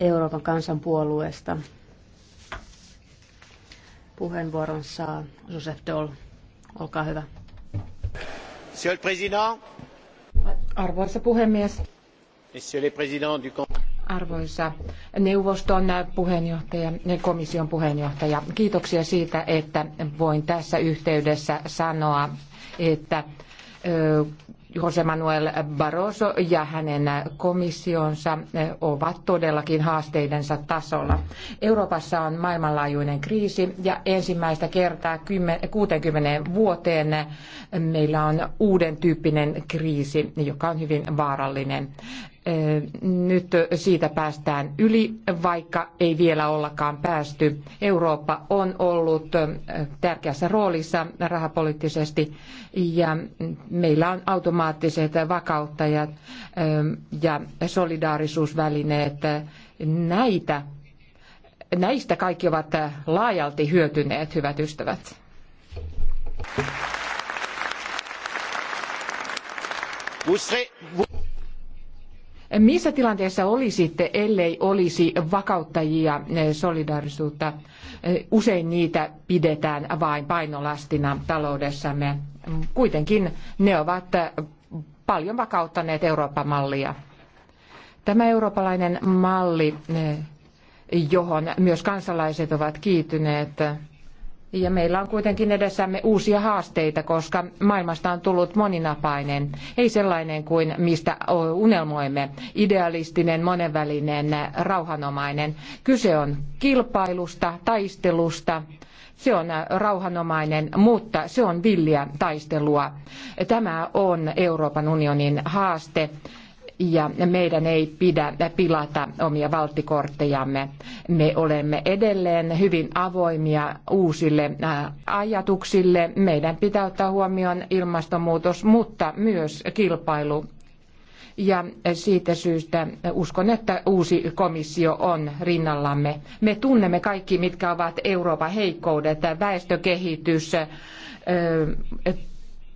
Euroopan kansanpuolueesta. Puheenvuoron saa Josef Doll. Olkaa hyvä. Monsieur le Président. Arvoisa puhemies. Monsieur le Président du Arvoisa neuvoston puheenjohtaja, komission puheenjohtaja, kiitoksia siitä, että voin tässä yhteydessä sanoa, että Jose Manuel Barroso ja hänen komissionsa ovat todellakin haasteidensa tasolla. Euroopassa on maailmanlaajuinen kriisi ja ensimmäistä kertaa 60 vuoteen meillä on uuden tyyppinen kriisi, joka on hyvin vaarallinen. Eh, nyt siitä päästään yli, vaikka ei vielä ollakaan päästy. Eurooppa on ollut eh, tärkeässä roolissa rahapoliittisesti ja meillä on automaattiset vakauttajat eh, ja solidaarisuusvälineet. Näitä, näistä kaikki ovat laajalti hyötyneet, hyvät ystävät. Vous serez, missä tilanteessa olisitte, ellei olisi vakauttajia eh, solidaarisuutta? Eh, usein niitä pidetään vain painolastina taloudessamme. Kuitenkin ne ovat eh, paljon vakauttaneet Euroopan mallia. Tämä eurooppalainen malli, johon myös kansalaiset ovat kiityneet, ja meillä on kuitenkin edessämme uusia haasteita, koska maailmasta on tullut moninapainen, ei sellainen kuin mistä unelmoimme, idealistinen, monenvälinen, rauhanomainen. Kyse on kilpailusta, taistelusta, se on rauhanomainen, mutta se on villiä taistelua. Tämä on Euroopan unionin haaste ja meidän ei pidä pilata omia valttikorttejamme. Me olemme edelleen hyvin avoimia uusille ajatuksille. Meidän pitää ottaa huomioon ilmastonmuutos, mutta myös kilpailu. Ja siitä syystä uskon, että uusi komissio on rinnallamme. Me tunnemme kaikki, mitkä ovat Euroopan heikkoudet, väestökehitys,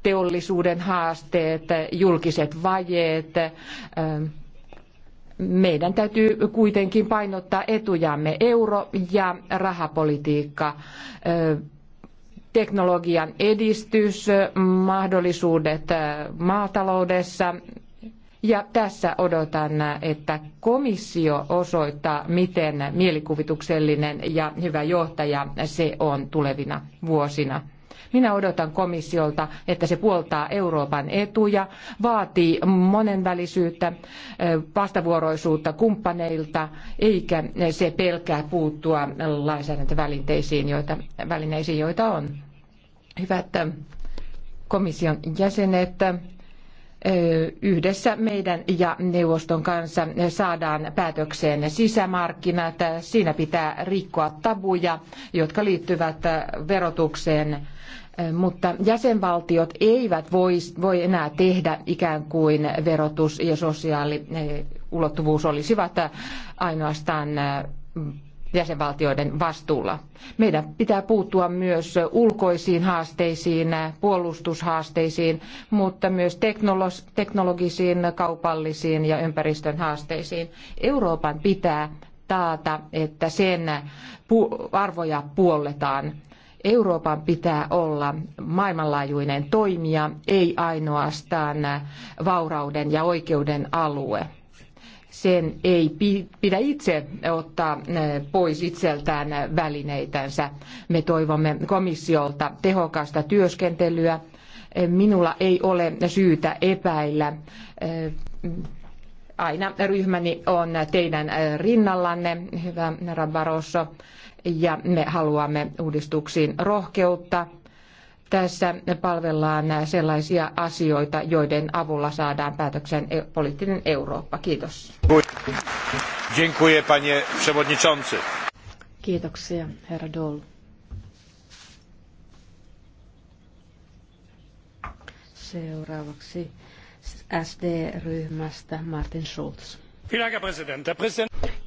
teollisuuden haasteet, julkiset vajeet. Meidän täytyy kuitenkin painottaa etujamme euro- ja rahapolitiikka, teknologian edistys, mahdollisuudet maataloudessa, ja tässä odotan, että komissio osoittaa, miten mielikuvituksellinen ja hyvä johtaja se on tulevina vuosina. Minä odotan komissiolta, että se puoltaa Euroopan etuja, vaatii monenvälisyyttä, vastavuoroisuutta kumppaneilta, eikä se pelkää puuttua lainsäädäntövälineisiin, joita, välineisiin, joita on. Hyvät komission jäsenet, yhdessä meidän ja neuvoston kanssa saadaan päätökseen sisämarkkinat. Siinä pitää rikkoa tabuja, jotka liittyvät verotukseen mutta jäsenvaltiot eivät voi, voi enää tehdä ikään kuin verotus ja sosiaaliulottuvuus olisivat ainoastaan jäsenvaltioiden vastuulla. Meidän pitää puuttua myös ulkoisiin haasteisiin, puolustushaasteisiin, mutta myös teknologisiin, kaupallisiin ja ympäristön haasteisiin. Euroopan pitää taata, että sen arvoja puolletaan Euroopan pitää olla maailmanlaajuinen toimija, ei ainoastaan vaurauden ja oikeuden alue. Sen ei pidä itse ottaa eh, pois itseltään välineitänsä. Me toivomme komissiolta tehokasta työskentelyä. Eh, minulla ei ole syytä epäillä eh, aina ryhmäni on teidän rinnallanne, hyvä herra Barroso ja me haluamme uudistuksiin rohkeutta. Tässä palvellaan sellaisia asioita, joiden avulla saadaan päätöksen e- poliittinen Eurooppa. Kiitos. Dziękuję, panie Kiitoksia, herra Dole. Seuraavaksi SD-ryhmästä Martin Schulz. Herr Präsident.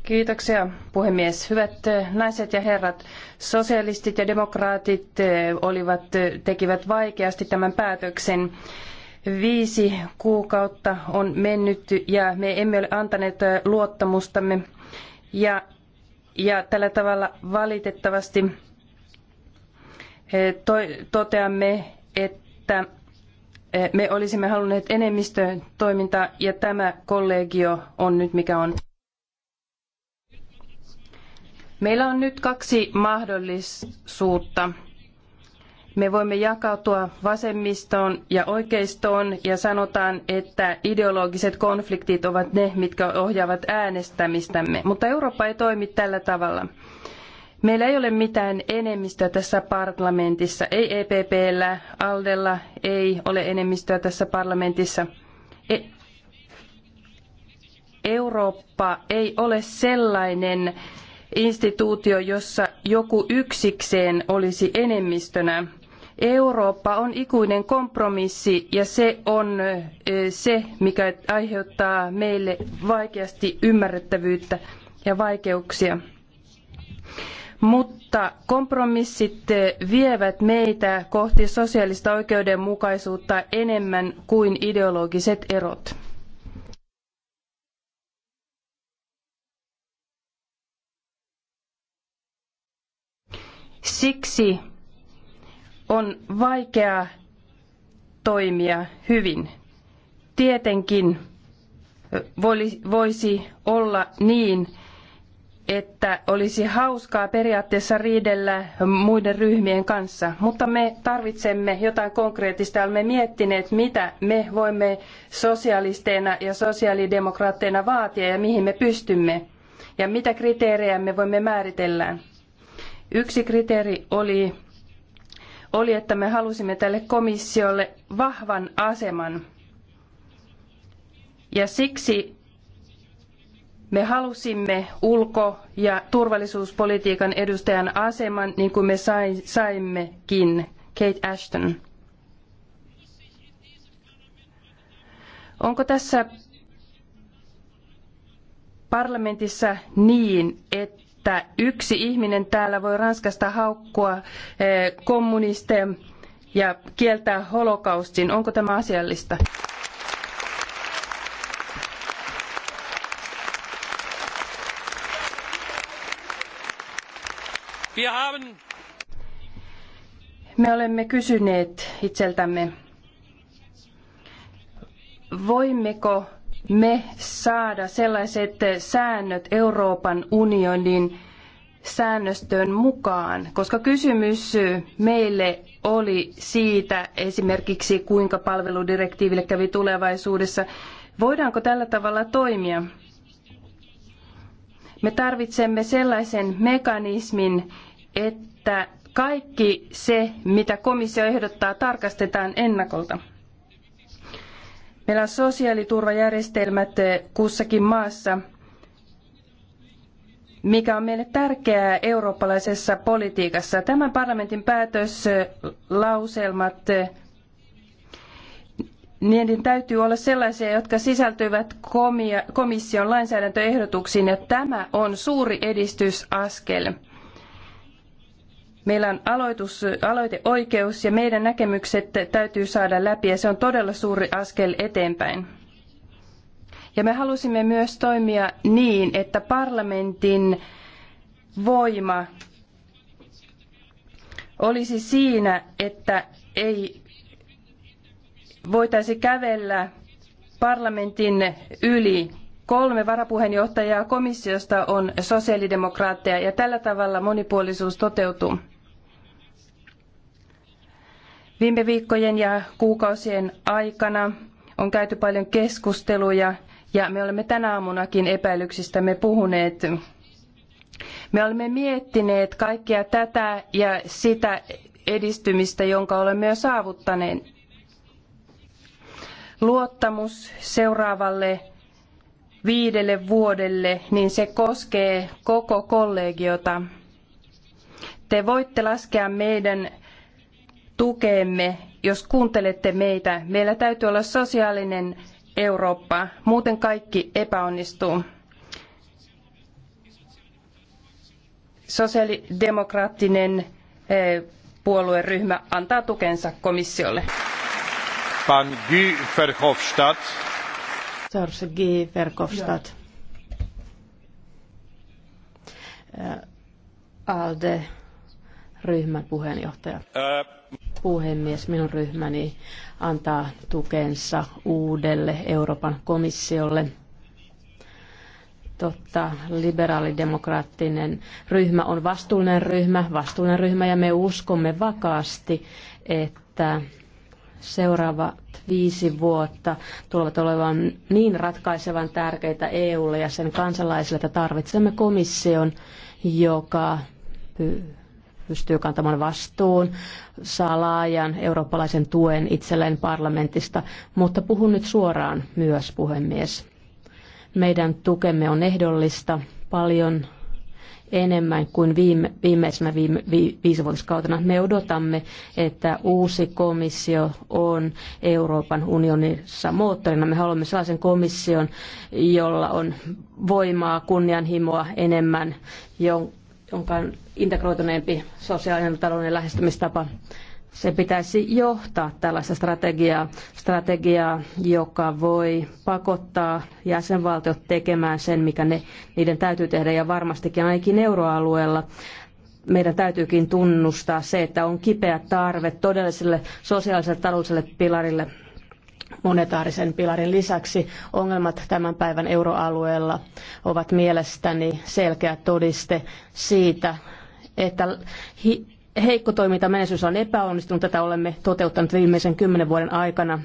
Kiitoksia puhemies. Hyvät eh, naiset ja herrat, sosialistit ja demokraatit eh, olivat, eh, tekivät vaikeasti tämän päätöksen. Viisi kuukautta on mennyt ja me emme ole antaneet luottamustamme ja, ja tällä tavalla valitettavasti to, toteamme, että me olisimme halunneet enemmistön toimintaa ja tämä kollegio on nyt mikä on. Meillä on nyt kaksi mahdollisuutta. Me voimme jakautua vasemmistoon ja oikeistoon ja sanotaan, että ideologiset konfliktit ovat ne, mitkä ohjaavat äänestämistämme. Mutta Eurooppa ei toimi tällä tavalla. Meillä ei ole mitään enemmistöä tässä parlamentissa. Ei EPPllä, Aldella ei ole enemmistöä tässä parlamentissa. E Eurooppa ei ole sellainen instituutio, jossa joku yksikseen olisi enemmistönä. Eurooppa on ikuinen kompromissi ja se on se, mikä aiheuttaa meille vaikeasti ymmärrettävyyttä ja vaikeuksia. Mutta kompromissit vievät meitä kohti sosiaalista oikeudenmukaisuutta enemmän kuin ideologiset erot. Siksi on vaikeaa toimia hyvin. Tietenkin voisi olla niin, että olisi hauskaa periaatteessa riidellä muiden ryhmien kanssa, mutta me tarvitsemme jotain konkreettista. Olemme miettineet, mitä me voimme sosialisteina ja sosiaalidemokraatteina vaatia ja mihin me pystymme ja mitä kriteerejä me voimme määritellä. Yksi kriteeri oli, oli, että me halusimme tälle komissiolle vahvan aseman. Ja siksi me halusimme ulko- ja turvallisuuspolitiikan edustajan aseman, niin kuin me saimmekin, Kate Ashton. Onko tässä parlamentissa niin, että että yksi ihminen täällä voi Ranskasta haukkua eh, kommunisteja ja kieltää holokaustin. Onko tämä asiallista? Me olemme kysyneet itseltämme, voimmeko me saada sellaiset säännöt Euroopan unionin säännöstön mukaan, koska kysymys meille oli siitä esimerkiksi, kuinka palveludirektiiville kävi tulevaisuudessa. Voidaanko tällä tavalla toimia? Me tarvitsemme sellaisen mekanismin, että kaikki se, mitä komissio ehdottaa, tarkastetaan ennakolta. Meillä on sosiaaliturvajärjestelmät eh, kussakin maassa, mikä on meille tärkeää eurooppalaisessa politiikassa. Tämän parlamentin päätöslauselmat, eh, niiden täytyy olla sellaisia, jotka sisältyvät komission lainsäädäntöehdotuksiin, ja tämä on suuri edistysaskel. Meillä on aloitus, aloiteoikeus ja meidän näkemykset täytyy saada läpi ja se on todella suuri askel eteenpäin. Ja me halusimme myös toimia niin, että parlamentin voima olisi siinä, että ei voitaisi kävellä parlamentin yli. Kolme varapuheenjohtajaa komissiosta on sosiaalidemokraatteja ja tällä tavalla monipuolisuus toteutuu. Viime viikkojen ja kuukausien aikana on käyty paljon keskusteluja ja me olemme tänä aamunakin epäilyksistämme puhuneet. Me olemme miettineet kaikkea tätä ja sitä edistymistä, jonka olemme jo saavuttaneet. Luottamus seuraavalle viidelle vuodelle, niin se koskee koko kollegiota. Te voitte laskea meidän Tukeemme, jos kuuntelette meitä. Meillä täytyy olla sosiaalinen Eurooppa, muuten kaikki epäonnistuu. Sosiaalidemokraattinen eh, puolueryhmä antaa tukensa komissiolle. Pan Guy Verhofstadt. George Verhofstadt. Eh, ALDE-ryhmän puheenjohtaja. Eh, puhemies, minun ryhmäni antaa tukensa uudelle Euroopan komissiolle. Totta, liberaalidemokraattinen ryhmä on vastuullinen ryhmä, vastuullinen ryhmä ja me uskomme vakaasti, että seuraavat viisi vuotta tulevat olevan niin ratkaisevan tärkeitä EUlle ja sen kansalaisille, että tarvitsemme komission, joka pystyy kantamaan vastuun, saa laajan eurooppalaisen tuen itselleen parlamentista, mutta puhun nyt suoraan myös, puhemies. Meidän tukemme on ehdollista paljon enemmän kuin viime, viimeisenä viime, vi, viisivuotiskautena. Me odotamme, että uusi komissio on Euroopan unionissa moottorina. Me haluamme sellaisen komission, jolla on voimaa, kunnianhimoa enemmän, jonka jonka on integroituneempi sosiaalinen ja taloudellinen lähestymistapa. Se pitäisi johtaa tällaista strategiaa, strategiaa, joka voi pakottaa jäsenvaltiot tekemään sen, mikä ne, niiden täytyy tehdä, ja varmastikin ainakin euroalueella meidän täytyykin tunnustaa se, että on kipeä tarve todelliselle sosiaaliselle taloudelliselle pilarille monetaarisen pilarin lisäksi ongelmat tämän päivän euroalueella ovat mielestäni selkeä todiste siitä, että heikko toiminta menestys on epäonnistunut. Tätä olemme toteuttaneet viimeisen kymmenen vuoden aikana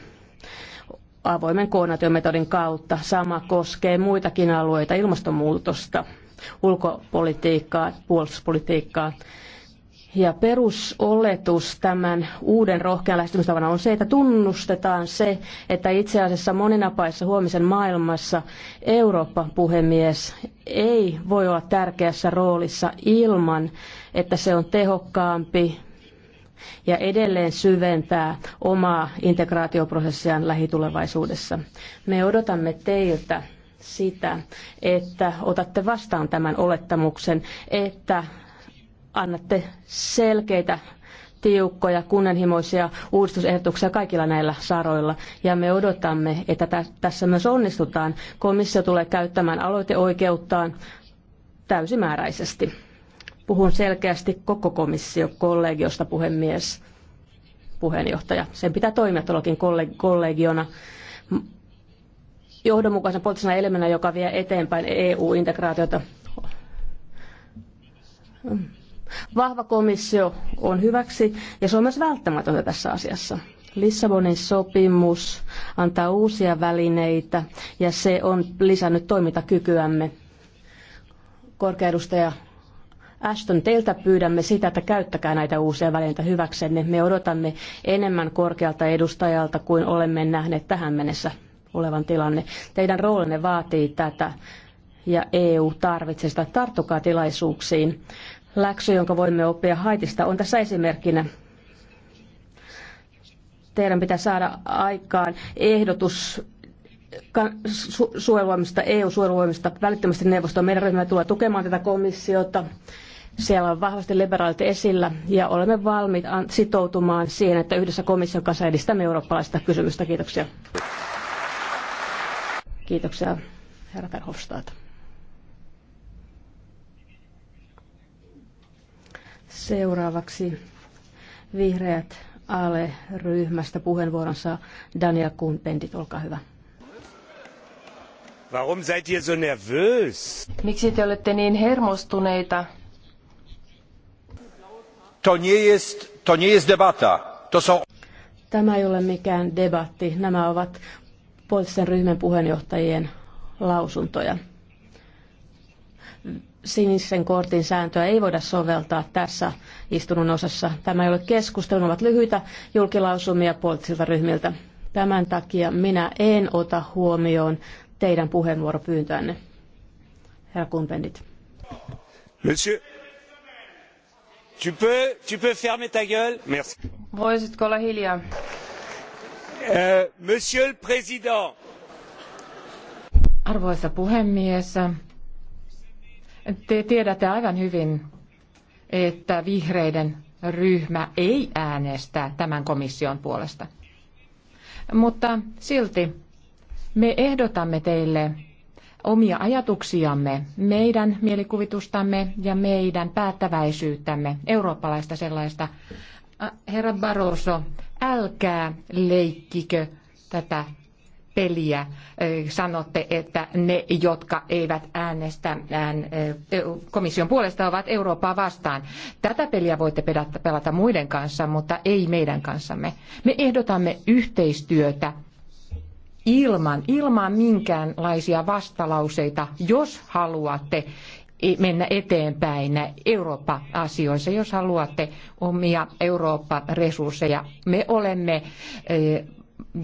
avoimen koordinaatiometodin kautta. Sama koskee muitakin alueita, ilmastonmuutosta, ulkopolitiikkaa, puolustuspolitiikkaa ja perusoletus tämän uuden rohkean lähestymistavana on se, että tunnustetaan se, että itse asiassa moninapaissa huomisen maailmassa Eurooppa puhemies ei voi olla tärkeässä roolissa ilman, että se on tehokkaampi ja edelleen syventää omaa integraatioprosessiaan lähitulevaisuudessa. Me odotamme teiltä sitä, että otatte vastaan tämän olettamuksen, että annatte selkeitä tiukkoja, kunnianhimoisia uudistusehdotuksia kaikilla näillä saroilla. Ja me odotamme, että tässä myös onnistutaan. Komissio tulee käyttämään aloiteoikeuttaan täysimääräisesti. Puhun selkeästi koko komissio kollegiosta puhemies, puheenjohtaja. Sen pitää toimia todellakin kollegiona johdonmukaisena poliittisena elimenä, joka vie eteenpäin EU-integraatiota. Vahva komissio on hyväksi ja se on myös välttämätöntä tässä asiassa. Lissabonin sopimus antaa uusia välineitä ja se on lisännyt toimintakykyämme. Korkeudustaja Ashton, teiltä pyydämme sitä, että käyttäkää näitä uusia välineitä hyväksenne. Me odotamme enemmän korkealta edustajalta kuin olemme nähneet tähän mennessä olevan tilanne. Teidän roolinne vaatii tätä ja EU tarvitsee sitä. Tarttukaa tilaisuuksiin läksy, jonka voimme oppia Haitista, on tässä esimerkkinä. Teidän pitää saada aikaan ehdotus suojeluvoimista, EU-suojeluvoimista välittömästi neuvostoon. Meidän ryhmä tulee tukemaan tätä komissiota. Siellä on vahvasti liberaalit esillä ja olemme valmiit sitoutumaan siihen, että yhdessä komission kanssa edistämme eurooppalaista kysymystä. Kiitoksia. Kiitoksia, herra Verhofstadt. Seuraavaksi vihreät ALE-ryhmästä puheenvuoronsa Daniel Kuhn-Pendit, olkaa hyvä. Warum seid ihr so nervös? Miksi te olette niin hermostuneita? To nie jest, to nie jest debata. To so... Tämä ei ole mikään debatti. Nämä ovat poliittisen ryhmän puheenjohtajien lausuntoja sinisen kortin sääntöä ei voida soveltaa tässä istunnon osassa. Tämä ei ole keskustelu, ovat lyhyitä julkilausumia poliittisilta ryhmiltä. Tämän takia minä en ota huomioon teidän puheenvuoropyyntöänne. Herra Kumpendit. Monsieur, tu peux, tu peux fermer ta gueule? Merci. Voisitko olla hiljaa? Euh, monsieur le Président. Arvoisa puhemies, te tiedätte aivan hyvin, että vihreiden ryhmä ei äänestä tämän komission puolesta. Mutta silti me ehdotamme teille omia ajatuksiamme, meidän mielikuvitustamme ja meidän päättäväisyyttämme, eurooppalaista sellaista. Herra Barroso, älkää leikkikö tätä peliä. Sanotte, että ne, jotka eivät äänestä komission puolesta, ovat Eurooppaa vastaan. Tätä peliä voitte pelata muiden kanssa, mutta ei meidän kanssamme. Me ehdotamme yhteistyötä ilman, ilman minkäänlaisia vastalauseita, jos haluatte mennä eteenpäin Eurooppa-asioissa, jos haluatte omia Eurooppa-resursseja. Me olemme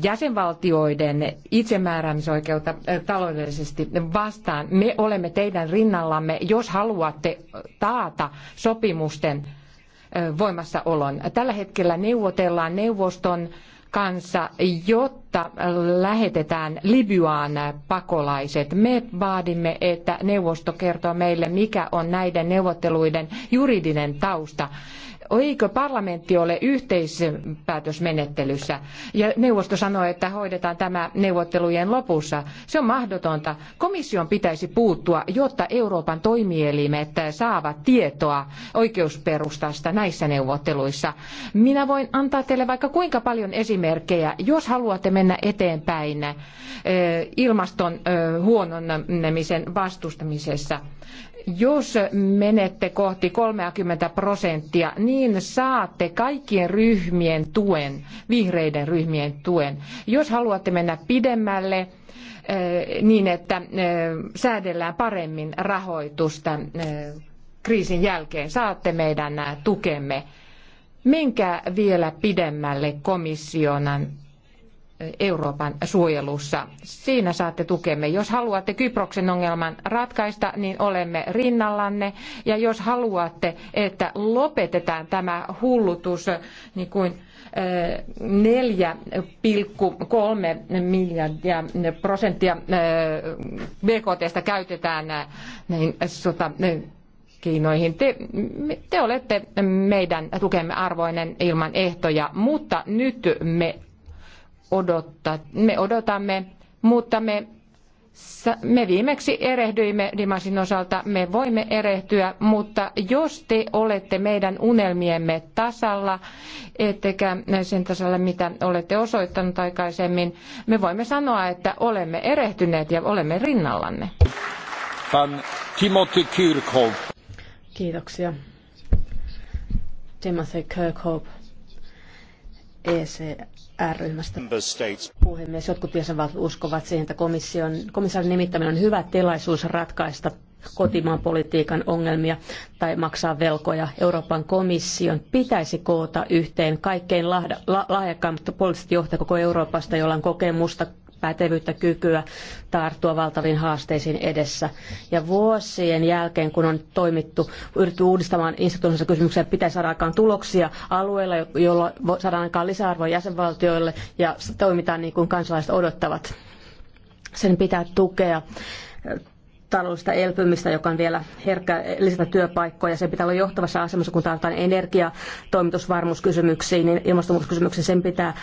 jäsenvaltioiden itsemääräämisoikeutta taloudellisesti vastaan. Me olemme teidän rinnallamme, jos haluatte taata sopimusten voimassaolon. Tällä hetkellä neuvotellaan neuvoston kanssa, jotta lähetetään Libyaan pakolaiset. Me vaadimme, että neuvosto kertoo meille, mikä on näiden neuvotteluiden juridinen tausta eikö parlamentti ole yhteispäätösmenettelyssä? Ja neuvosto sanoi, että hoidetaan tämä neuvottelujen lopussa. Se on mahdotonta. Komission pitäisi puuttua, jotta Euroopan toimielimet saavat tietoa oikeusperustasta näissä neuvotteluissa. Minä voin antaa teille vaikka kuinka paljon esimerkkejä, jos haluatte mennä eteenpäin eh, ilmaston eh, huononemisen vastustamisessa jos menette kohti 30 prosenttia, niin saatte kaikkien ryhmien tuen, vihreiden ryhmien tuen. Jos haluatte mennä pidemmälle, eh, niin että eh, säädellään paremmin rahoitusta eh, kriisin jälkeen, saatte meidän tukemme. Menkää vielä pidemmälle komission Euroopan suojelussa. Siinä saatte tukemme. Jos haluatte Kyproksen ongelman ratkaista, niin olemme rinnallanne. Ja jos haluatte, että lopetetaan tämä hullutus, niin kuin 4,3 eh, miljardia prosenttia eh, BKTstä käytetään eh, näihin sota, keinoihin. Te, te olette meidän tukemme arvoinen ilman ehtoja, mutta nyt me odottaa, me odotamme, mutta me, me viimeksi erehdyimme Dimasin osalta, me voimme erehtyä, mutta jos te olette meidän unelmiemme tasalla, ettekä sen tasalla, mitä olette osoittanut aikaisemmin, me voimme sanoa, että olemme erehtyneet ja olemme rinnallanne. Pan Timothy Kiitoksia. Timothy Kirkhope ECR-ryhmästä. Puhemies, jotkut jäsenvaltiot uskovat siihen, että komission, komissaarin nimittäminen on hyvä tilaisuus ratkaista kotimaan politiikan ongelmia tai maksaa velkoja. Euroopan komission pitäisi koota yhteen kaikkein lahjakkaimmat poliittiset johtajat koko Euroopasta, joilla on kokemusta pätevyyttä, kykyä tarttua valtaviin haasteisiin edessä. Ja vuosien jälkeen, kun on toimittu, yritetty uudistamaan instituutioissa kysymyksiä, pitää saada aikaan tuloksia alueella jolla saadaan aikaan lisäarvoa jäsenvaltioille ja toimitaan niin kuin kansalaiset odottavat. Sen pitää tukea taloudellista elpymistä, joka on vielä herkkä lisätä työpaikkoja. Se pitää olla johtavassa asemassa, kun tarvitaan energia, toimitusvarmuuskysymyksiin, niin ilmastonmuutoskysymyksiin. Sen pitää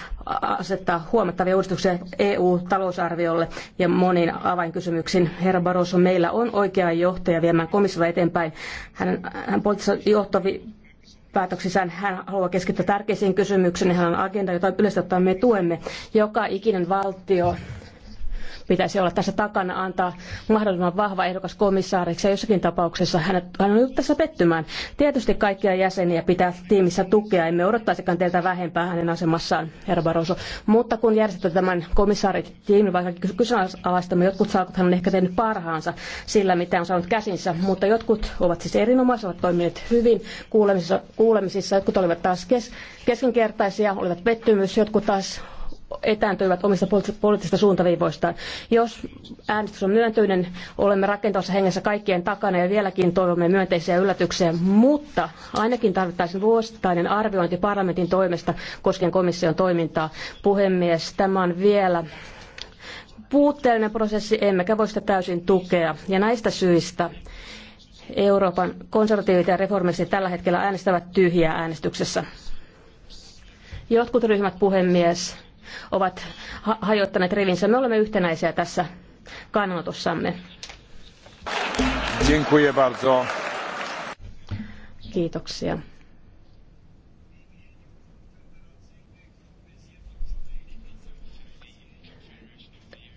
asettaa huomattavia uudistuksia EU-talousarviolle ja moniin avainkysymyksiin. Herra Barroso, meillä on oikea johtaja viemään komissiota eteenpäin. Hän, hän poliittisessa johtavi päätöksissään hän haluaa keskittyä tärkeisiin kysymyksiin. Hän on agenda, jota yleisesti ottaen me tuemme. Joka ikinen valtio pitäisi olla tässä takana antaa mahdollisimman vahva ehdokas komissaariksi ja jossakin tapauksessa hän on nyt tässä pettymään. Tietysti kaikkia jäseniä pitää tiimissä tukea, emme odottaisikaan teiltä vähempää hänen asemassaan, herra Barroso. Mutta kun järjestätte tämän komissaaritiimin, vaikka kyseenalaistamme, jotkut hän on ehkä tehnyt parhaansa sillä, mitä on saanut käsinsä, mutta jotkut ovat siis erinomaisia, ovat toimineet hyvin kuulemisissa, kuulemisissa jotkut olivat taas kes, keskinkertaisia, olivat pettymys, jotkut taas etääntyivät omista poliittisista suuntaviivoistaan. Jos äänestys on myönteinen, olemme rakentavassa hengessä kaikkien takana ja vieläkin toivomme myönteisiä yllätyksiä, mutta ainakin tarvittaisiin vuosittainen arviointi parlamentin toimesta koskien komission toimintaa. Puhemies, tämä on vielä puutteellinen prosessi, emmekä voi sitä täysin tukea. Ja näistä syistä Euroopan konservatiivit ja reformistit tällä hetkellä äänestävät tyhjää äänestyksessä. Jotkut ryhmät, puhemies, ovat hajottaneet rivinsä. Me olemme yhtenäisiä tässä kannanotossamme. Kiitoksia.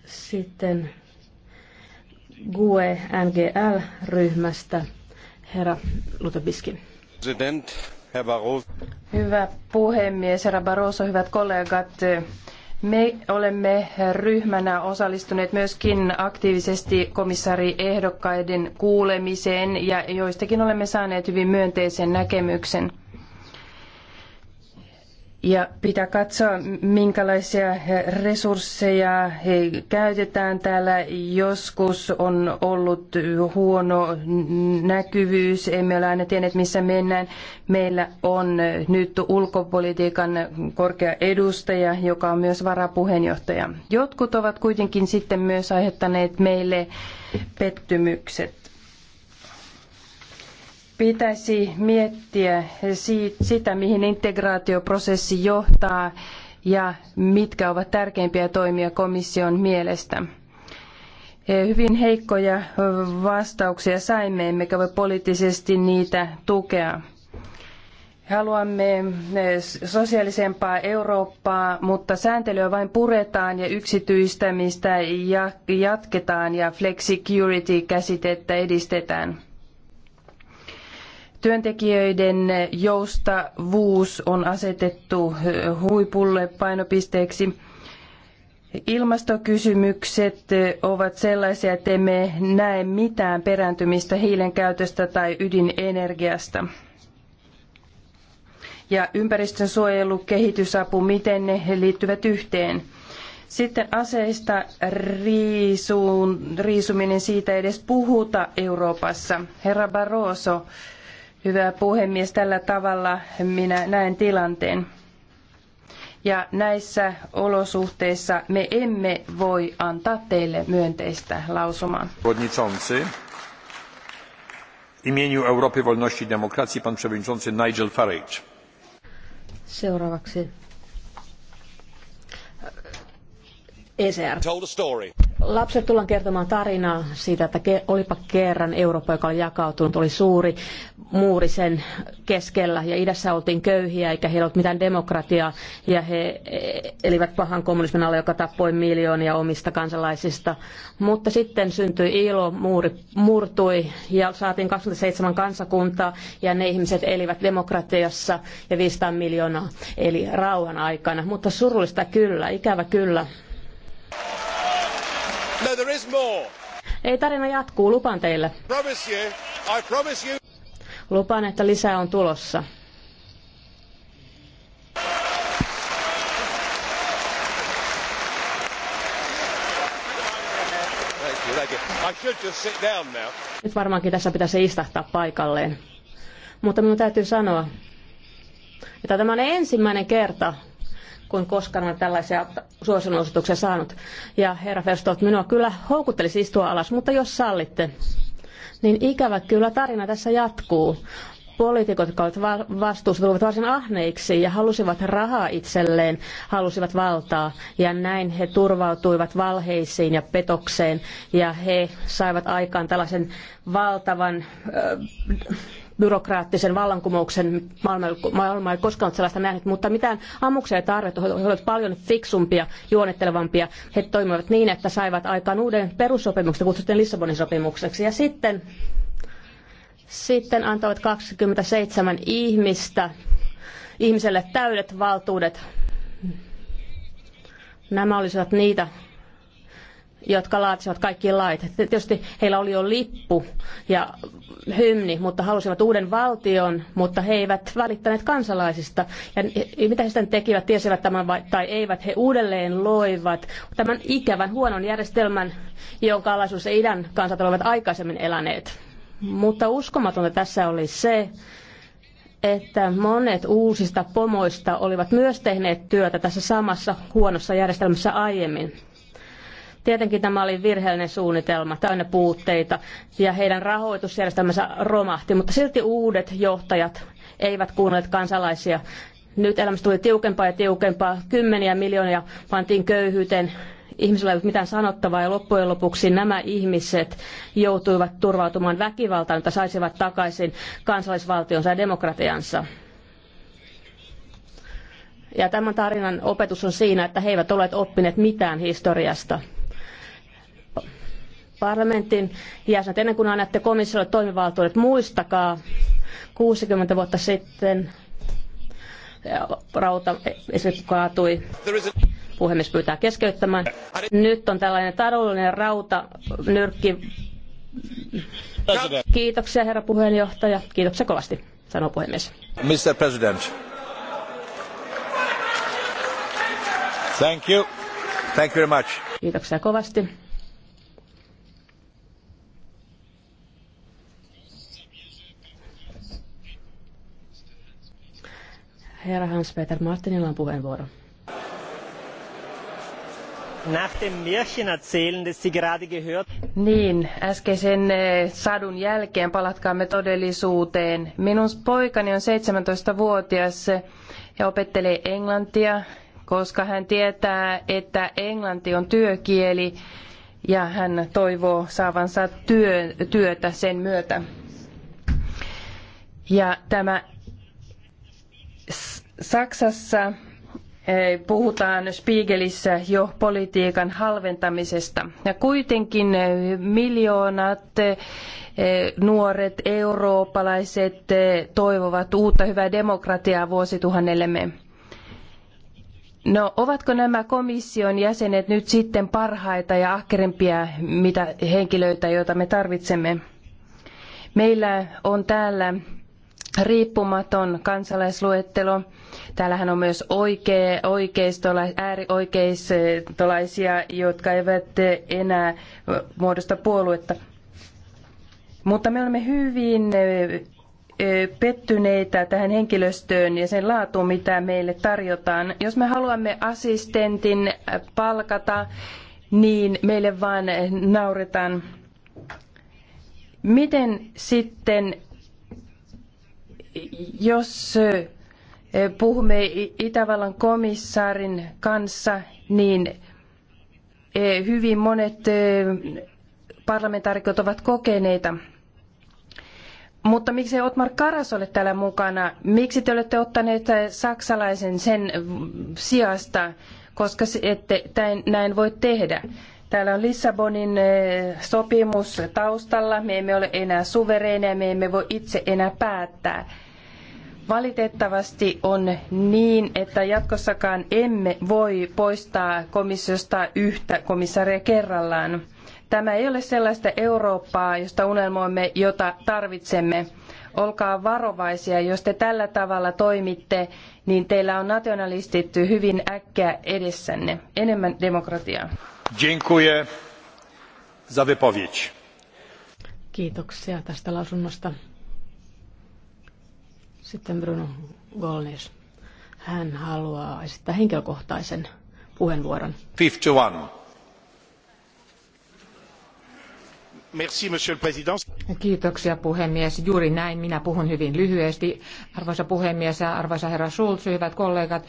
Sitten GUE NGL-ryhmästä herra Lutabiskin. President. Hyvä puhemies, herra Barroso, hyvät kollegat. Me olemme ryhmänä osallistuneet myöskin aktiivisesti komissaariehdokkaiden kuulemiseen ja joistakin olemme saaneet hyvin myönteisen näkemyksen ja pitää katsoa, minkälaisia resursseja käytetään täällä. Joskus on ollut huono näkyvyys, emme ole aina tienneet, missä mennään. Meillä on nyt ulkopolitiikan korkea edustaja, joka on myös varapuheenjohtaja. Jotkut ovat kuitenkin sitten myös aiheuttaneet meille pettymykset pitäisi miettiä sitä, mihin integraatioprosessi johtaa ja mitkä ovat tärkeimpiä toimia komission mielestä. E, hyvin heikkoja vastauksia saimme, emmekä voi poliittisesti niitä tukea. Haluamme e, sosiaalisempaa Eurooppaa, mutta sääntelyä vain puretaan ja yksityistämistä jatketaan ja flexicurity-käsitettä edistetään. Työntekijöiden joustavuus on asetettu huipulle painopisteeksi. Ilmastokysymykset ovat sellaisia, että emme näe mitään perääntymistä hiilen käytöstä tai ydinenergiasta. Ja ympäristönsuojelu, kehitysapu, miten ne liittyvät yhteen. Sitten aseista riisuun, riisuminen siitä ei edes puhuta Euroopassa. Herra Barroso, Hyvä puhemies, tällä tavalla minä näen tilanteen. Ja näissä olosuhteissa me emme voi antaa teille myönteistä lausumaa. imieniu Europy Wolności i Demokracji pan przewodniczący Nigel Farage. Seuraavaksi ECR. Told a story. Lapset tullaan kertomaan tarinaa siitä, että olipa kerran Eurooppa, joka oli jakautunut, oli suuri muuri sen keskellä ja idässä oltiin köyhiä eikä heillä ollut mitään demokratiaa ja he e, elivät pahan kommunismin alla, joka tappoi miljoonia omista kansalaisista. Mutta sitten syntyi ilo, muuri murtui ja saatiin 27 kansakuntaa ja ne ihmiset elivät demokratiassa ja 500 miljoonaa eli rauhan aikana. Mutta surullista kyllä, ikävä kyllä, No, there is more. Ei tarina jatkuu, lupan teille. Lupaan, että lisää on tulossa. Nyt varmaankin tässä pitäisi istahtaa paikalleen. Mutta minun täytyy sanoa, että tämä on ensimmäinen kerta, kuin koskaan olen tällaisia suosionosoituksia saanut. Ja herra Verstot, minua kyllä houkuttelisi istua alas, mutta jos sallitte, niin ikävä kyllä tarina tässä jatkuu. Poliitikot, jotka olivat vastuussa, tulivat varsin ahneiksi ja halusivat rahaa itselleen, halusivat valtaa. Ja näin he turvautuivat valheisiin ja petokseen ja he saivat aikaan tällaisen valtavan... Äh, byrokraattisen vallankumouksen maailma ei koskaan sellaista nähnyt, mutta mitään ammuksia ei tarvittu. He olivat paljon fiksumpia, juonettelevampia. He toimivat niin, että saivat aikaan uuden perussopimuksen, kutsuttiin Lissabonin sopimukseksi. Ja sitten, sitten antoivat 27 ihmistä, ihmiselle täydet valtuudet. Nämä olisivat niitä jotka laatisivat kaikki lait. Tietysti heillä oli jo lippu ja hymni, mutta halusivat uuden valtion, mutta he eivät välittäneet kansalaisista. Ja mitä he sitten tekivät, tiesivät tämän vai, tai eivät, he uudelleen loivat tämän ikävän huonon järjestelmän, jonka alaisuus ja idän kansat olivat aikaisemmin eläneet. Mutta uskomatonta tässä oli se, että monet uusista pomoista olivat myös tehneet työtä tässä samassa huonossa järjestelmässä aiemmin Tietenkin tämä oli virheellinen suunnitelma, täynnä puutteita, ja heidän rahoitusjärjestelmänsä romahti, mutta silti uudet johtajat eivät kuunnelleet kansalaisia. Nyt elämästä tuli tiukempaa ja tiukempaa. Kymmeniä miljoonia pantiin köyhyyteen. Ihmisillä ei ollut mitään sanottavaa ja loppujen lopuksi nämä ihmiset joutuivat turvautumaan väkivaltaan, että saisivat takaisin kansallisvaltionsa ja demokratiansa. Ja tämän tarinan opetus on siinä, että he eivät ole oppineet mitään historiasta parlamentin jäsenet, ennen kuin annatte komissiolle toimivaltuudet, muistakaa 60 vuotta sitten rauta esimerkiksi kaatui. Puhemies pyytää keskeyttämään. Nyt on tällainen taloudellinen rauta nyrkki. Kiitoksia herra puheenjohtaja. Kiitoksia kovasti, sanoo puhemies. Mr. President. Thank you. Thank you very much. Kiitoksia kovasti. Herra Hans-Peter Martinilla on puheenvuoro. Niin, äskeisen eh, sadun jälkeen palatkaamme todellisuuteen. Minun poikani on 17-vuotias eh, ja opettelee englantia, koska hän tietää, että englanti on työkieli ja hän toivoo saavansa työ, työtä sen myötä. Ja tämä Saksassa eh, puhutaan Spiegelissä jo politiikan halventamisesta. Ja kuitenkin eh, miljoonat eh, nuoret eurooppalaiset toivovat uutta hyvää demokratiaa vuosituhannellemme. No, ovatko nämä komission jäsenet nyt sitten parhaita ja ahkerimpia mitä henkilöitä, joita me tarvitsemme? Meillä on täällä riippumaton kansalaisluettelo. Täällähän on myös oikea, oikeistola, äärioikeistolaisia, jotka eivät enää muodosta puoluetta. Mutta me olemme hyvin pettyneitä tähän henkilöstöön ja sen laatuun, mitä meille tarjotaan. Jos me haluamme assistentin palkata, niin meille vaan nauretaan. Miten sitten jos eh, puhumme Itävallan komissaarin kanssa, niin eh, hyvin monet eh, parlamentaarikot ovat kokeneita. Mutta miksei Otmar Karas ole täällä mukana? Miksi te olette ottaneet saksalaisen sen sijasta, koska ette näin voi tehdä? Täällä on Lissabonin sopimus taustalla, me emme ole enää suvereeneja, me emme voi itse enää päättää Valitettavasti on niin, että jatkossakaan emme voi poistaa komissiosta yhtä komissaria kerrallaan. Tämä ei ole sellaista Eurooppaa, josta unelmoimme, jota tarvitsemme. Olkaa varovaisia, jos te tällä tavalla toimitte, niin teillä on nationalistit hyvin äkkiä edessänne. Enemmän demokratiaa. Dziękuję za wypowiedź. Kiitoksia tästä lausunnosta. Sitten Bruno Golnis. Hän haluaa esittää henkilökohtaisen puheenvuoron. 51. Kiitoksia puhemies. Juuri näin. Minä puhun hyvin lyhyesti. Arvoisa puhemies ja arvoisa herra Schulz, hyvät kollegat. Äh,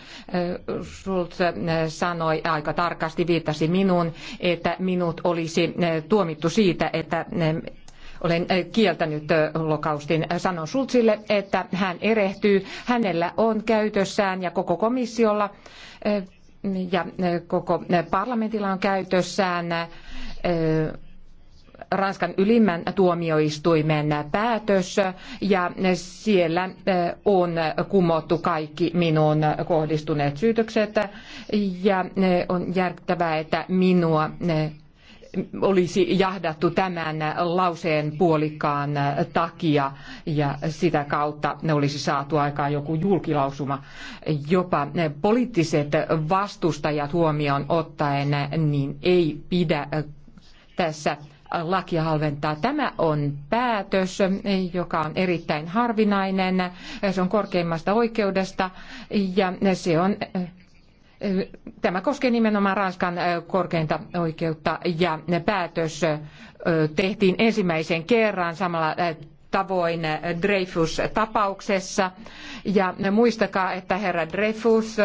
Schulz äh, sanoi aika tarkasti, viittasi minuun, että minut olisi äh, tuomittu siitä, että olen äh, kieltänyt äh, holokaustin. Sanon Schulzille, että hän erehtyy. Hänellä on käytössään ja koko komissiolla äh, ja koko parlamentilla on käytössään Ranskan ylimmän tuomioistuimen päätös ja siellä on kumottu kaikki minuun kohdistuneet syytökset ja on järkyttävää, että minua olisi jahdattu tämän lauseen puolikkaan takia ja sitä kautta ne olisi saatu aikaan joku julkilausuma. Jopa poliittiset vastustajat huomioon ottaen niin ei pidä tässä lakia halventaa. Tämä on päätös, joka on erittäin harvinainen. Se on korkeimmasta oikeudesta ja se on Tämä koskee nimenomaan Ranskan korkeinta oikeutta ja päätös tehtiin ensimmäisen kerran samalla tavoin Dreyfus-tapauksessa. Ja muistakaa, että herra Dreyfus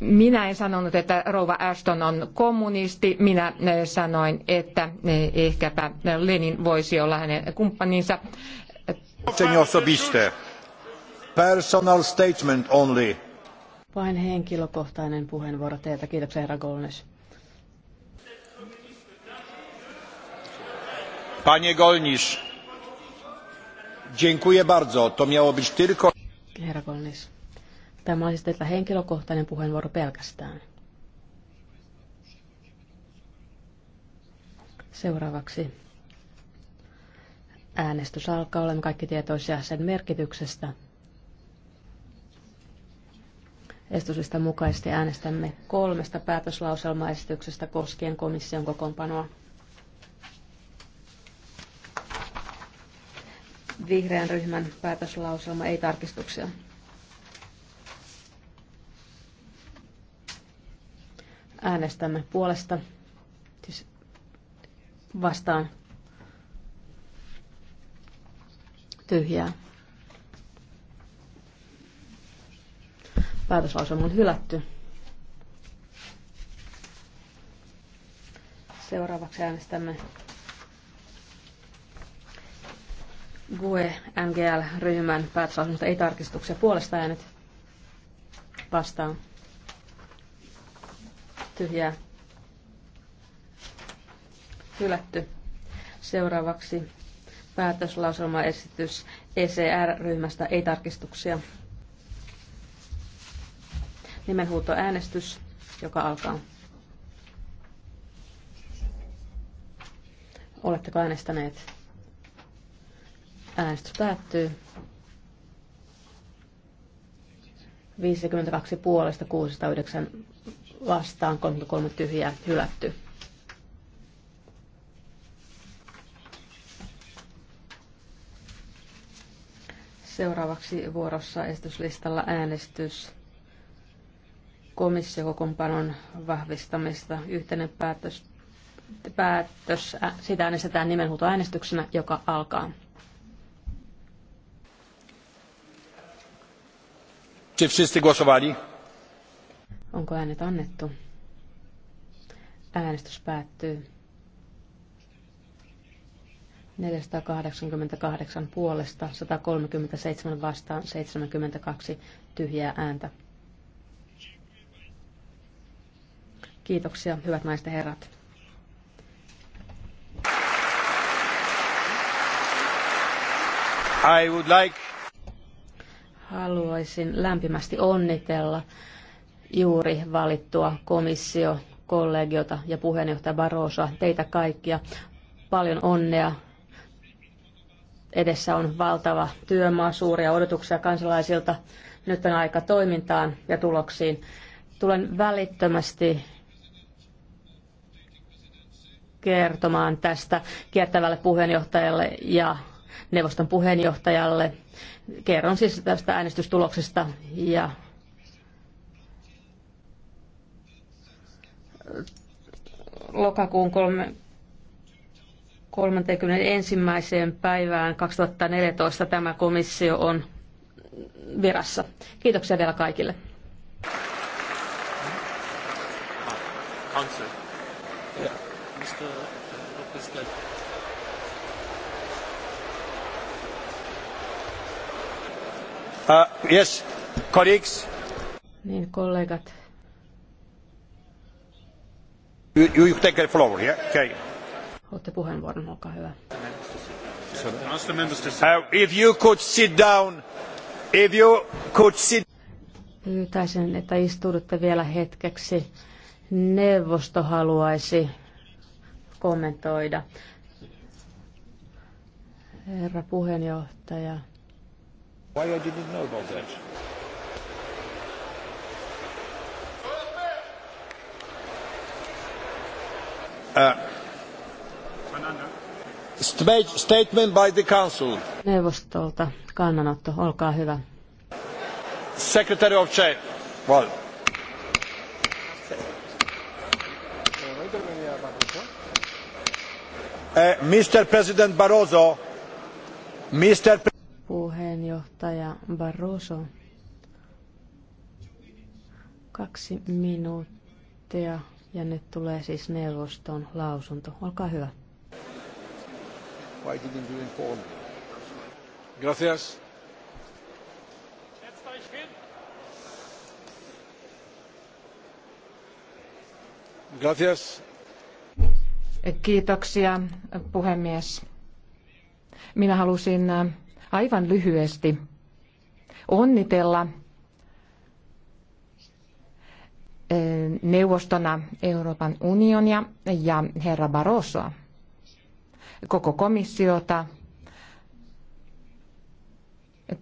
minä en sanonut, että rouva Ashton on kommunisti. Minä sanoin, että ehkäpä Lenin voisi olla hänen kumppaninsa. Seniosobiste. Personal statement only. Vain henkilökohtainen puheenvuoro teiltä. Kiitoksia, herra Golnes. Panie Golnis, dziękuję bardzo. To miało być tylko... Herra Golnisz, tämä siis teiltä henkilökohtainen puheenvuoro pelkästään. Seuraavaksi äänestys alkaa. Olemme kaikki tietoisia sen merkityksestä esityslistan mukaisesti äänestämme kolmesta päätöslauselmaesityksestä koskien komission kokoonpanoa. Vihreän ryhmän päätöslauselma ei tarkistuksia. Äänestämme puolesta, siis vastaan tyhjää. Päätöslauselma on hylätty. Seuraavaksi äänestämme GUE NGL-ryhmän päätöslauselmasta ei tarkistuksia puolesta äänet vastaan. Tyhjää. Hylätty. Seuraavaksi päätöslauselmaesitys ECR-ryhmästä ei tarkistuksia Nimenhuutoäänestys, joka alkaa. Oletteko äänestäneet? Äänestys päättyy. 52 puolesta 609 vastaan 33 tyhjää hylätty. Seuraavaksi vuorossa esityslistalla äänestys komissiokokoonpanon vahvistamista. yhtenä päätös, päätös sitä äänestetään nimenhuutoäänestyksenä, joka alkaa. Onko äänet annettu? Äänestys päättyy. 488 puolesta, 137 vastaan, 72 tyhjää ääntä. Kiitoksia, hyvät naiset ja herrat. I would like... Haluaisin lämpimästi onnitella juuri valittua komissio, kollegiota ja puheenjohtaja Barrosoa, teitä kaikkia. Paljon onnea. Edessä on valtava työmaa, suuria odotuksia kansalaisilta. Nyt on aika toimintaan ja tuloksiin. Tulen välittömästi kertomaan tästä kiertävälle puheenjohtajalle ja neuvoston puheenjohtajalle. Kerron siis tästä äänestystuloksesta ja lokakuun 31. päivään 2014 tämä komissio on virassa. Kiitoksia vielä kaikille. Answer. Yeah. Mr. Lopez Uh, yes, colleagues. Niin, kollegat. You, you take the floor, yeah? Okay. Otte puheenvuoron, olkaa hyvä. Uh, if you could sit down, if you could sit... Pyytäisin, että istuudutte vielä hetkeksi. Neuvosto haluaisi kommentoida. Herra puheenjohtaja. Why I didn't know about that? Uh, statement by the council. Neuvostolta kannanotto, olkaa hyvä. Secretary of State. Well. Eh, Mr. President Barroso, Mr. Puheenjohtaja Barroso, kaksi minuuttia ja nyt tulee siis neuvoston lausunto. Olkaa hyvä. Why didn't you inform? Gracias. Gracias, Kiitoksia puhemies. Minä halusin äh, aivan lyhyesti onnitella äh, neuvostona Euroopan unionia ja herra Barrosoa, koko komissiota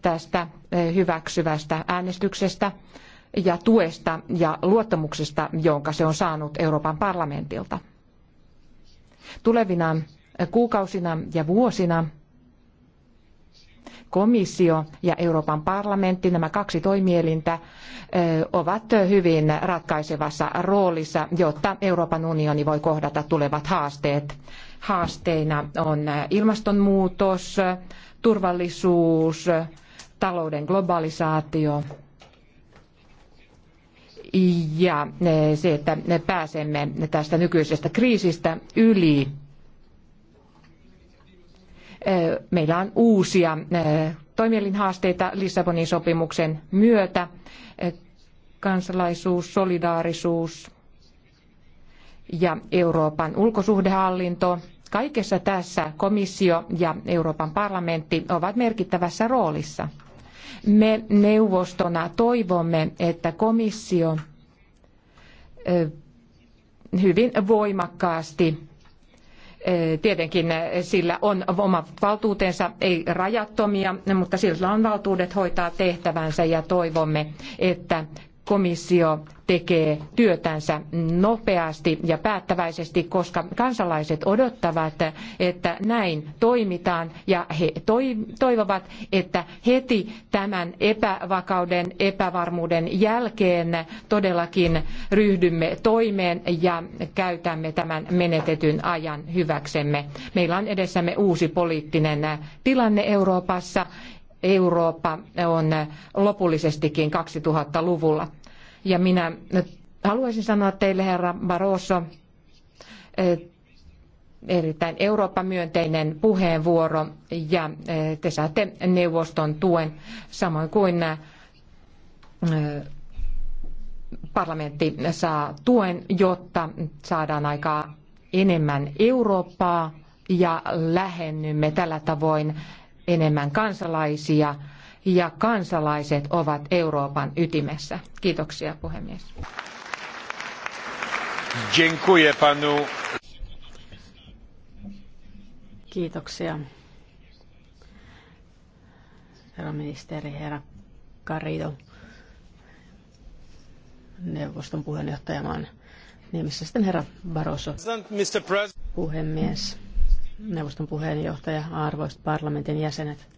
tästä äh, hyväksyvästä äänestyksestä ja tuesta ja luottamuksesta, jonka se on saanut Euroopan parlamentilta. Tulevina eh, kuukausina ja vuosina komissio ja Euroopan parlamentti, nämä kaksi toimielintä, eh, ovat hyvin ratkaisevassa roolissa, jotta Euroopan unioni voi kohdata tulevat haasteet. Haasteina on eh, ilmastonmuutos, turvallisuus, talouden globalisaatio ja e, se, että pääsemme tästä nykyisestä kriisistä yli. E, meillä on uusia e, toimielinhaasteita Lissabonin sopimuksen myötä. Kansalaisuus, solidaarisuus ja Euroopan ulkosuhdehallinto. Kaikessa tässä komissio ja Euroopan parlamentti ovat merkittävässä roolissa. Me neuvostona toivomme, että komissio hyvin voimakkaasti Tietenkin sillä on omat valtuutensa, ei rajattomia, mutta sillä on valtuudet hoitaa tehtävänsä ja toivomme, että komissio tekee työtänsä nopeasti ja päättäväisesti, koska kansalaiset odottavat, että näin toimitaan ja he toivovat, että heti tämän epävakauden, epävarmuuden jälkeen todellakin ryhdymme toimeen ja käytämme tämän menetetyn ajan hyväksemme. Meillä on edessämme uusi poliittinen tilanne Euroopassa Eurooppa on lopullisestikin 2000-luvulla. Ja minä haluaisin sanoa teille, herra Barroso, eh, erittäin Eurooppa-myönteinen puheenvuoro ja eh, te saatte neuvoston tuen samoin kuin eh, parlamentti saa tuen, jotta saadaan aikaa enemmän Eurooppaa ja lähennymme tällä tavoin enemmän kansalaisia ja kansalaiset ovat Euroopan ytimessä. Kiitoksia puhemies. Dziękuję panu. Kiitoksia. Herra ministeri, herra Karido, neuvoston puheenjohtajamaan nimissä sitten herra Barroso. Puhemies neuvoston puheenjohtaja, arvoisat parlamentin jäsenet.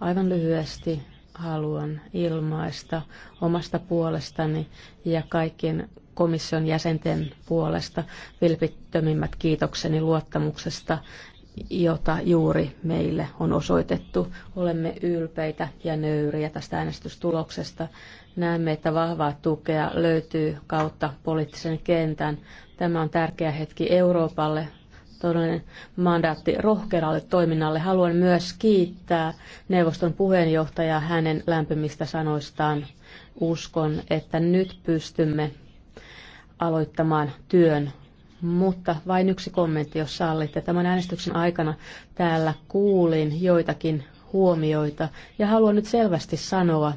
Aivan lyhyesti haluan ilmaista omasta puolestani ja kaikkien komission jäsenten puolesta vilpittömimmät kiitokseni luottamuksesta, jota juuri meille on osoitettu. Olemme ylpeitä ja nöyriä tästä äänestystuloksesta. Näemme, että vahvaa tukea löytyy kautta poliittisen kentän. Tämä on tärkeä hetki Euroopalle, todellinen mandaatti rohkealle toiminnalle. Haluan myös kiittää neuvoston puheenjohtajaa hänen lämpimistä sanoistaan. Uskon, että nyt pystymme aloittamaan työn. Mutta vain yksi kommentti, jos sallitte. Tämän äänestyksen aikana täällä kuulin joitakin huomioita ja haluan nyt selvästi sanoa,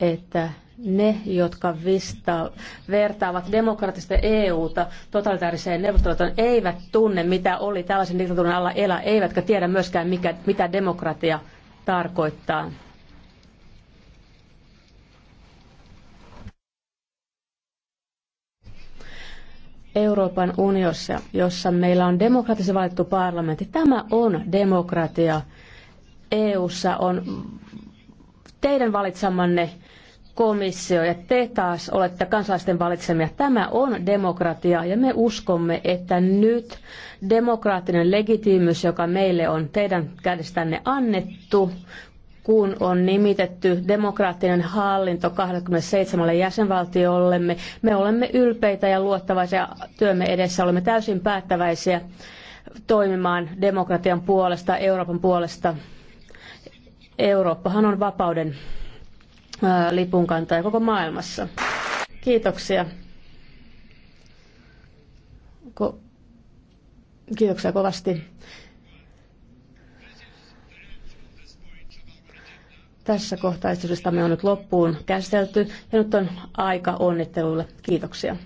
että ne, jotka vista, vertaavat demokraattista e ta, totalitaariseen neuvostoliittoon, eivät tunne, mitä oli tällaisen diktatuurin alla elää, eivätkä tiedä myöskään, mikä, mitä demokratia tarkoittaa. Euroopan unionissa, jossa meillä on demokraattisesti valittu parlamentti, tämä on demokratia. EUssa on teidän valitsemanne komissio ja te taas olette kansalaisten valitsemia. Tämä on demokratia ja me uskomme, että nyt demokraattinen legitiimus, joka meille on teidän kädestänne annettu, kun on nimitetty demokraattinen hallinto 27 jäsenvaltiollemme. Me olemme ylpeitä ja luottavaisia työmme edessä, olemme täysin päättäväisiä toimimaan demokratian puolesta, Euroopan puolesta. Eurooppahan on vapauden Äh, lipunkantaja koko maailmassa. Kiitoksia. Ko- Kiitoksia kovasti. Tässä kohtaa me on nyt loppuun käsitelty ja nyt on aika onnitteluille. Kiitoksia.